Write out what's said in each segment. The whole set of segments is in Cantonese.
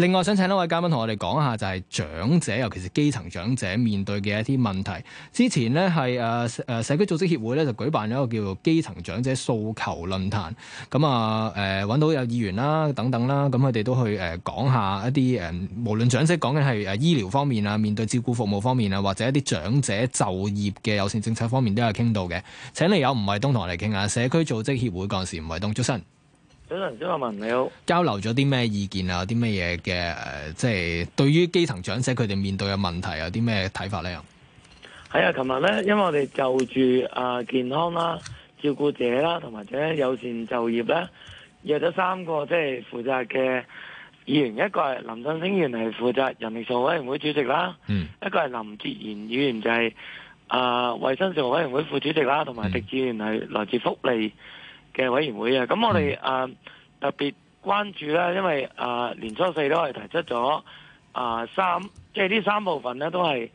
另外想請一位嘉賓同我哋講下，就係長者，尤其是基層長者面對嘅一啲問題。之前呢，係誒、啊、社區組織協會咧就舉辦咗一個叫做基層長者訴求論壇，咁啊搵到有議員啦等等啦，咁佢哋都去誒、啊、講一下一啲誒，無論長者講嘅係誒醫療方面啊，面對照顧服務方面啊，或者一啲長者就業嘅有線政策方面，都有傾到嘅。請你有吳衛東同我哋傾下，社區組織協會幹事吳衛東，早晨。小陳小阿文你好，交流咗啲咩意見、呃就是、啊？有啲咩嘢嘅誒，即係對於基層長者佢哋面對嘅問題有啲咩睇法咧？係啊，琴日咧，因為我哋就住啊健康啦、照顧者啦，同埋者有就友善就業咧，約咗三個即係負責嘅議員，一個係林振昇議員係負責人力事務委員會主席啦，嗯，一個係林哲玄議員就係啊衛生事務委員會副主席啦，同埋狄志遠係來自福利。嗯嘅委員會啊，咁我哋啊、呃、特別關注啦，因為啊、呃、年初四都係提出咗啊、呃、三，即係呢三部分咧都係誒、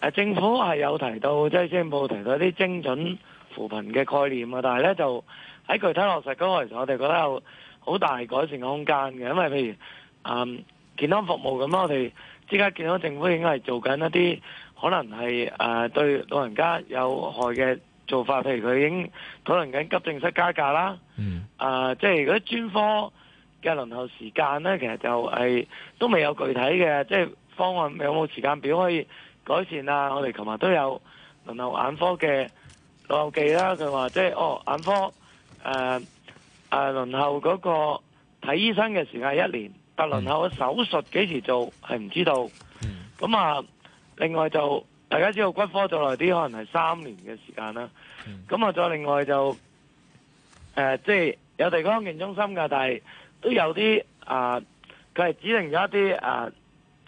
呃、政府係有提到，即係先聞提到啲精準扶貧嘅概念啊，但係咧就喺具體落實嗰個時候，我哋覺得有好大改善嘅空間嘅，因為譬如啊、呃、健康服務，咁我哋依家健康政府應該係做緊一啲可能係誒、呃、對老人家有害嘅。做法譬如佢已經討論緊急症室加價啦，啊、mm. 呃，即係嗰啲專科嘅輪候時間咧，其實就係、係、都未有具體嘅，即係方案有冇時間表可以改善啊？我哋琴日都有輪候眼科嘅老友記啦，佢話即係哦眼科誒誒、呃呃、輪候嗰個睇醫生嘅時間係一年，但輪候嘅手術幾時做係唔知道，咁、mm. 啊、呃，另外就。大家知道骨科再耐啲，可能係三年嘅時間啦。咁、嗯、啊，再另外就誒、呃，即係有地方健中心㗎，但係都有啲啊，佢、呃、係指定咗一啲啊、呃、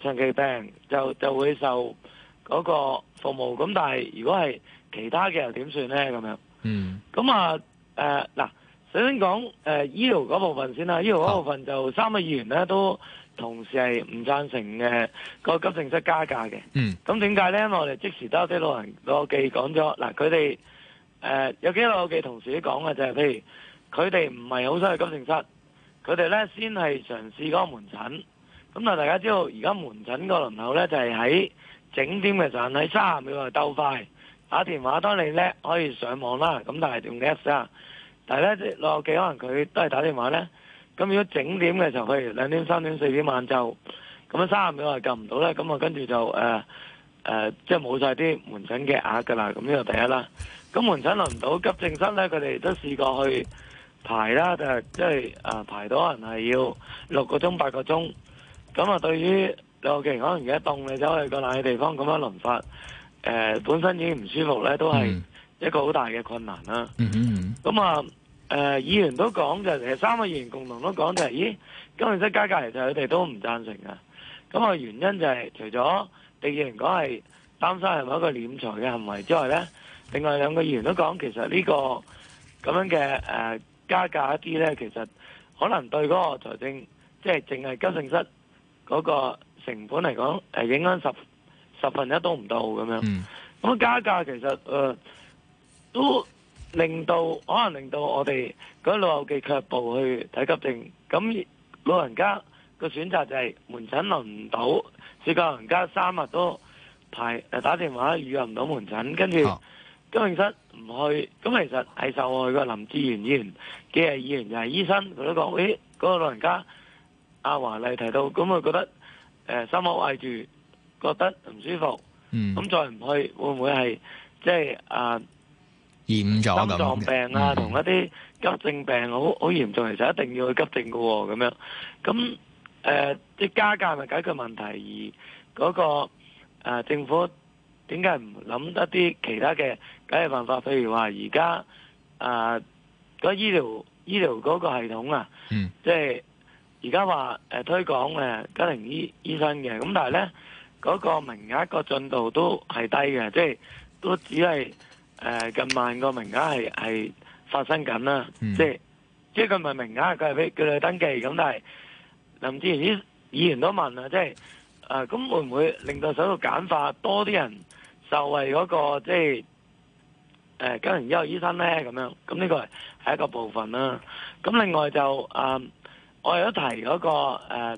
長期病，就就會受嗰個服務。咁但係如果係其他嘅又點算咧？咁樣。嗯。咁啊誒嗱，首先講誒醫療嗰部分先啦。醫療嗰部分就、啊、三個議員咧都，同事係唔贊成嘅個急症室加價嘅，咁點解咧？我哋即時都有啲老人老記講咗，嗱，佢哋誒有幾個老記同事講嘅就係，譬如佢哋唔係好想去急症室，佢哋咧先係嘗試嗰個門診。咁但係大家知道，而家門診個輪候咧就係喺整點嘅時候喺卅秒內鬥快打電話。當你咧可以上網啦，咁但係用 apps 啦。但係咧老記可能佢都係打電話咧。咁如果整點嘅時候，譬如兩點、三點、四點晏晝，咁樣三十秒撳唔到咧，咁啊跟住就誒誒，即係冇曬啲門診嘅額㗎啦。咁呢個第一啦。咁門診輪唔到急症室咧，佢哋都試過去排啦，但係即係啊排到人係要六個鐘八個鐘。咁啊，對於有啲可能而家凍，你走去個冷氣地方咁樣輪發，誒本身已經唔舒服咧，都係一個好大嘅困難啦。嗯哼，咁啊。誒議員都講就係三個議員共同都講就係，咦，急症室加價其實佢哋都唔贊成啊。咁啊原因就係除咗第二個嚟講係擔心係咪一個斂財嘅行為之外咧，另外兩個議員都講其實呢個咁樣嘅誒加價一啲咧，其實可能對嗰個財政即係淨係急症室嗰個成本嚟講，誒影響十十分一都唔到咁樣。咁加價其實誒都。令到可能令到我哋嗰啲老友記卻步去睇急症，咁老人家個選擇就係門診輪唔到，試過老人家三日都排誒打電話預約唔到門診，跟住急症室唔去，咁其實係受害嘅。林志賢議員，既係議員又係醫生，佢都講，咦嗰個老人家阿華麗提到，咁佢覺得誒心口翳住，覺得唔舒服，咁再唔去會唔會係即係啊？嚴重咁，心臟病啊，同一啲急症病好好嚴重，其實一定要去急症噶喎，咁樣咁誒，即係加價咪解決問題？而嗰個誒政府點解唔諗一啲其他嘅解決辦法？譬如話而家誒嗰醫療醫療嗰個系統啊，即係而家話誒推廣誒家庭醫醫生嘅，咁但係咧嗰個名額個進度都係低嘅，即係都只係。誒、呃，近萬個名額係係發生緊啦、嗯，即係即係佢唔係名額，佢係俾叫佢係登記，咁但係林志賢啲議員都問啦，即係誒，咁、呃、會唔會令到手續簡化，多啲人受惠嗰、那個即係誒，家庭醫學醫生咧？咁樣，咁呢個係一個部分啦、啊。咁另外就誒、呃，我有提嗰、那個誒、呃，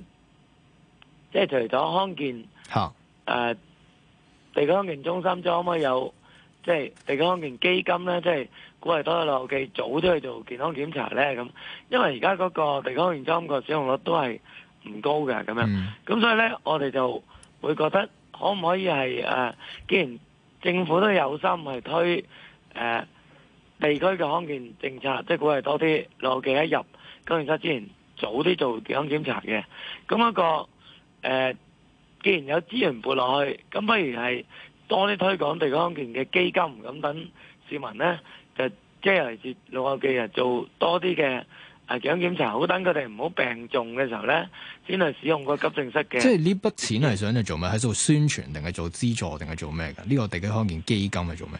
即係除咗康健誒、嗯呃，地康健中心咗嘛有。有即係地區康健基金咧，即係鼓勵多啲老友記早啲去做健康檢查咧咁，因為而家嗰個地區康健個使用率都係唔高嘅咁樣，咁所以咧我哋就會覺得可唔可以係誒，既然政府都有心係推誒地區嘅康健政策，即係鼓勵多啲老友記一入公營社之前早啲做健康檢查嘅，咁一個誒，既然有資源撥落去，咁不如係。多啲推廣地區康健嘅基金，咁等市民咧，就即係嚟自老友記啊，做多啲嘅誒健康檢查，好等佢哋唔好病重嘅時候咧，先去使用個急症室嘅。即係呢筆錢係想去做咩？喺度宣傳定係做資助定係做咩㗎？呢個地區康健基金係做咩？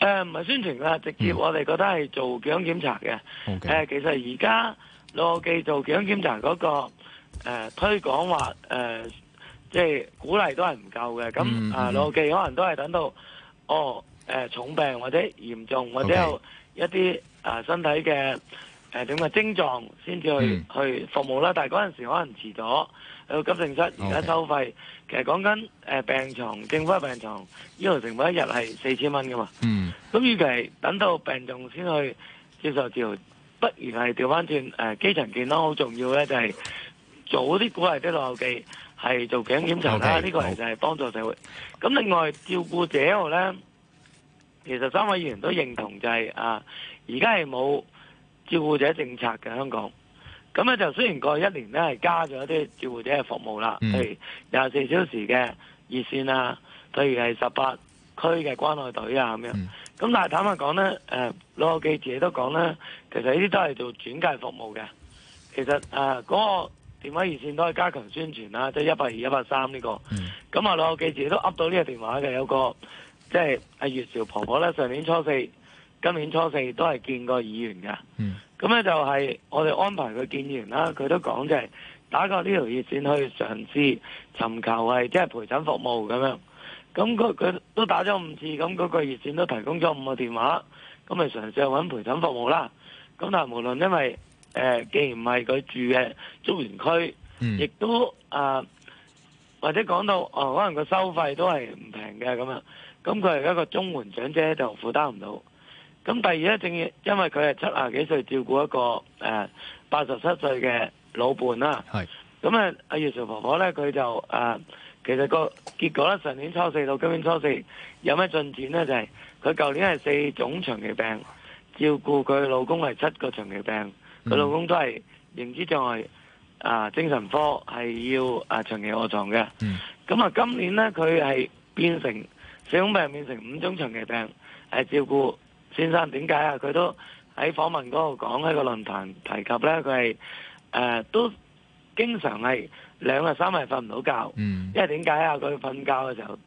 誒唔係宣傳㗎，直接我哋覺得係做健康檢查嘅。誒、嗯，其實而家老友記做健康檢查嗰個、呃、推廣話誒。呃即係鼓勵都係唔夠嘅，咁啊，老友記可能都係等到哦，誒重病或者嚴重或者有一啲啊身體嘅誒點啊症狀先至去去服務啦。但係嗰陣時可能遲咗去到急症室，而家收費其實講緊誒病床政府嘅病床醫療成本一日係四千蚊噶嘛。咁與其等到病重先去接受治療，不如係調翻轉，誒基層健康好重要咧，就係早啲鼓勵啲老友記。係做病檢查啦，呢個其實係幫助社會。咁另外照顧者咧，其實三位議員都認同就係啊，而家係冇照顧者政策嘅香港。咁咧就雖然過去一年咧係加咗啲照顧者嘅服務啦，譬如廿四小時嘅熱線啊，例如係十八區嘅關愛隊啊咁樣。咁但係坦白講咧，誒，老友記自己都講咧，其實呢啲都係做轉介服務嘅。其實啊，嗰個。電話熱線都係加強宣傳啦，即係一百二一百三呢個。咁、嗯、啊，嗯、老，老記者都噏到呢個電話嘅，有個即係阿月潮婆婆咧，上年初四、今年初四都係見過議員嘅。咁、嗯、咧就係我哋安排佢見議員啦，佢都講就係打過呢條熱線去嘗試尋求係即係陪診服務咁樣。咁佢佢都打咗五次，咁、那、嗰個熱線都提供咗五個電話，咁咪嘗試揾陪診服務啦。咁但係無論因為誒，既然唔係佢住嘅中環區，亦都啊、呃，或者講到哦、呃，可能個收費都係唔平嘅咁樣。咁佢係一個中援長者就負擔唔到。咁第二咧，正因為佢係七廿幾歲照顧一個誒八十七歲嘅老伴啦。係咁啊，阿月嫦婆婆咧，佢就誒、呃，其實個結果咧，上年初四到今年初四有咩進展咧？就係佢舊年係四種長期病，照顧佢老公係七個長期病。佢老公都係認知障礙，啊精神科係要啊長期臥床嘅。咁啊，今年咧，佢係變成小種病，變成五種長期病，係照顧先生點解啊？佢都喺訪問嗰度講，喺個論壇提及咧，佢係誒都經常係兩日三日瞓唔到覺，因為點解啊？佢瞓覺嘅時候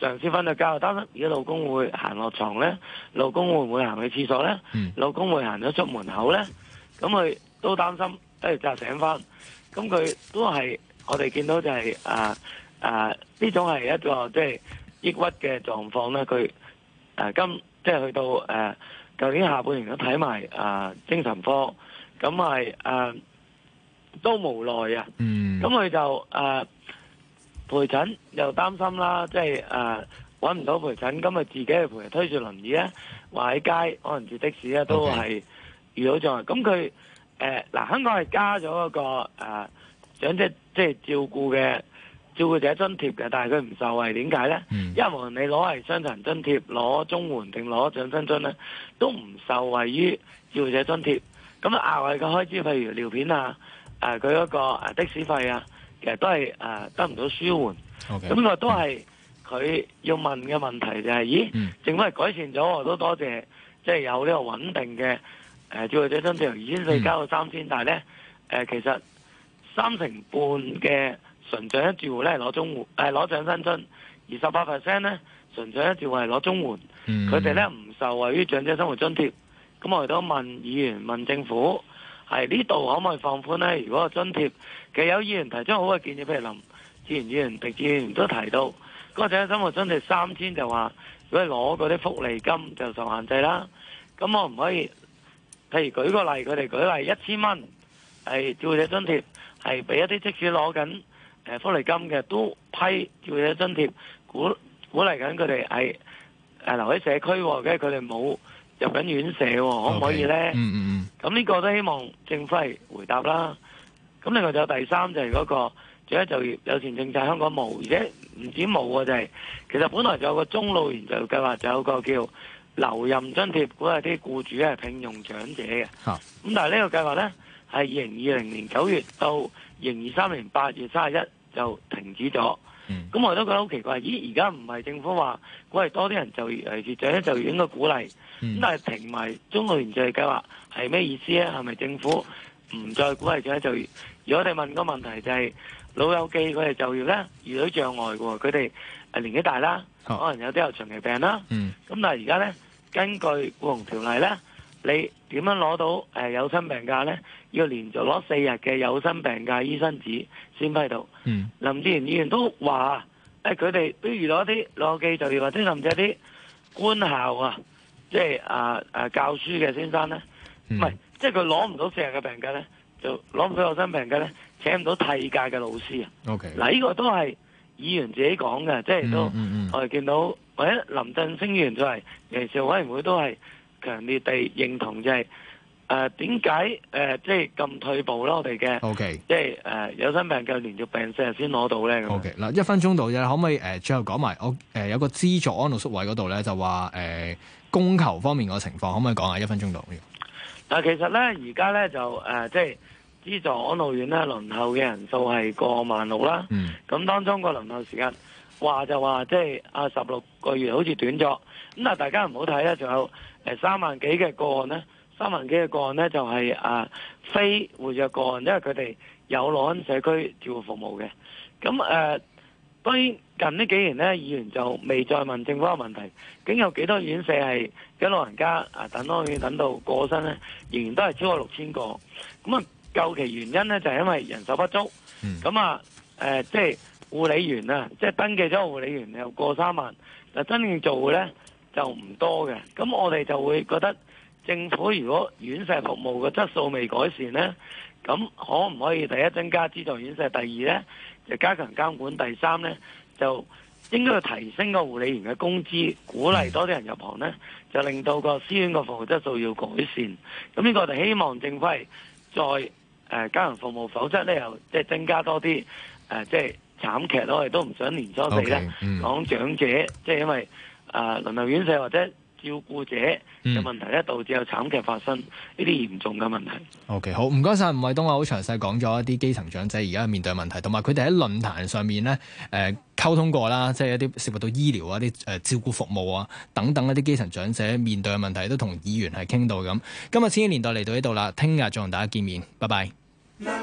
嘗試瞓到覺，擔心如果老公會行落床咧，老公會唔會行去廁所咧？老公會行咗出門口咧？咁佢都擔心，跟住就是、醒翻。咁佢都係我哋見到就係啊啊呢種係一個即係、就是、抑鬱嘅狀況咧。佢誒、呃、今即係、就是、去到誒舊年下半年都睇埋啊精神科，咁係誒都無奈啊。咁、mm. 佢就誒、呃、陪診又擔心啦，即係誒揾唔到陪診，咁佢自己去陪推住輪椅咧，話喺街可能住的士咧，都係。Okay. 遇到障礙，咁佢誒嗱，香港係加咗嗰個誒長者即係照顧嘅照顧者津貼嘅，但係佢唔受惠，點解咧？因為無論你攞係傷殘津貼、攞綜援定攞長津津咧，都唔受惠於照顧者津貼。咁額外嘅開支，譬如尿片啊、誒佢嗰個誒的士費啊，其實都係誒得唔到舒緩。咁佢都係佢要問嘅問題就係，咦？政府係改善咗，都多謝，即係有呢個穩定嘅。誒、嗯，住戶者津貼由二千四加到三千，但係咧，誒，其實三成半嘅純長者住戶咧攞綜援，誒，攞長者津貼，二十八 percent 咧純長者住戶係攞綜援，佢哋咧唔受惠於長者生活津貼。咁我哋都問議員問政府，係呢度可唔可以放寬咧？如果個津貼，其實有議員提出好嘅建議，譬如林志賢議員、狄志遠都提到，嗰、那個長者生活津貼三千就話，如果攞嗰啲福利金就受限制啦。咁我唔可以。譬如舉個例，佢哋舉例一千蚊係照顧者津貼，係俾一啲即使攞緊誒福利金嘅都批照顧者津貼，鼓鼓勵緊佢哋係係留喺社區，跟住佢哋冇入緊院舍，可唔可以咧？嗯嗯嗯。咁呢個都希望政府係回答啦。咁另外就有第三就係、是、嗰、那個最低就業有錢政策香港冇，而且唔止冇啊，就係、是、其實本來就有個中路援助計劃，就，就有個叫。留任津貼，鼓勵啲僱主咧聘用長者嘅。咁但係呢個計劃咧係二零二零年九月到二零二三年八月三十一就停止咗。咁我都覺得好奇怪，咦？而家唔係政府話鼓勵多啲人就業，誒長者就應該鼓勵，咁但係停埋中老年就業計劃係咩意思咧？係咪政府唔再鼓勵長者就業？而我哋問個問題就係老友記佢哋就業咧遇到障礙嘅喎，佢哋誒年紀大啦，可能有啲有長期病啦。咁但係而家咧。根據僱傭條例咧，你點樣攞到、呃、有薪病假咧？要連續攞四日嘅有薪病假醫生紙先批到、嗯。林志賢議員都話：佢、哎、哋比如攞啲攞記，就例如話，即係林啲官校啊，即係啊，啊教書嘅先生咧，唔、嗯、係，即係佢攞唔到四日嘅病假咧，就攞唔到有薪病假咧，請唔到替假嘅老師啊。嗱，呢個都係議員自己講嘅，即係都、嗯嗯嗯、我哋見到。或者林振星議員就係，其實委員會都係強烈地認同，就係誒點解誒即係咁退步囉，我哋嘅。O K，即係誒有新病嘅連續病四日先攞到咧。O K，嗱一分鐘度啫，可唔可以誒最後講埋，我誒有個資助安老宿位嗰度咧就話誒供求方面個情況，可唔可以講下？一分鐘度。嗱，其實咧而家咧就誒即係資助安老院咧輪候嘅人數係過萬六啦。嗯。咁當中個輪候時間。話就話，即係啊，十六個月好似短咗。咁啊，大家唔好睇啦，仲有誒三萬幾嘅個案咧，三萬幾嘅個案咧就係啊呃非活躍個案，因為佢哋有攞緊社區照顧服務嘅。咁誒，當然近呢幾年咧，議員就未再問政府嘅問題，竟有幾多院舍係俾老人家啊等安院等到過身咧，仍然都係超過六千個。咁啊，究其原因咧，就係因為人手不足。咁啊誒，即係。護理員呀，即係登記咗個護理員又過三萬，嗱真正做嘅咧就唔多嘅，咁我哋就會覺得政府如果院舍服務嘅質素未改善咧，咁可唔可以第一增加資助院舍，第二咧就加強監管，第三咧就應該提升個護理員嘅工資，鼓勵多啲人入行咧，就令到個私院個服務質素要改善。咁呢個我哋希望政府係再誒加強服務，否則咧又即係增加多啲誒、呃、即係。慘劇，我哋都唔想年初四啦，講長者，okay, um, 即係因為啊、呃，輪候院舍或者照顧者嘅問題咧，導致有慘劇發生呢啲嚴重嘅問題。OK，好，唔該晒，吳衛東啊，好詳細講咗一啲基層長者而家面對問題，同埋佢哋喺論壇上面咧，誒、呃、溝通過啦，即係一啲涉及到醫療啊、啲誒照顧服務啊等等一啲基層長者面對嘅問題，都同議員係傾到咁。今日千禧年代嚟到呢度啦，聽日再同大家見面，拜拜。